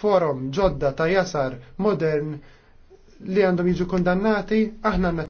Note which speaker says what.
Speaker 1: forum ġodda ta' jasar modern li għandhom jiġu kondannati, aħna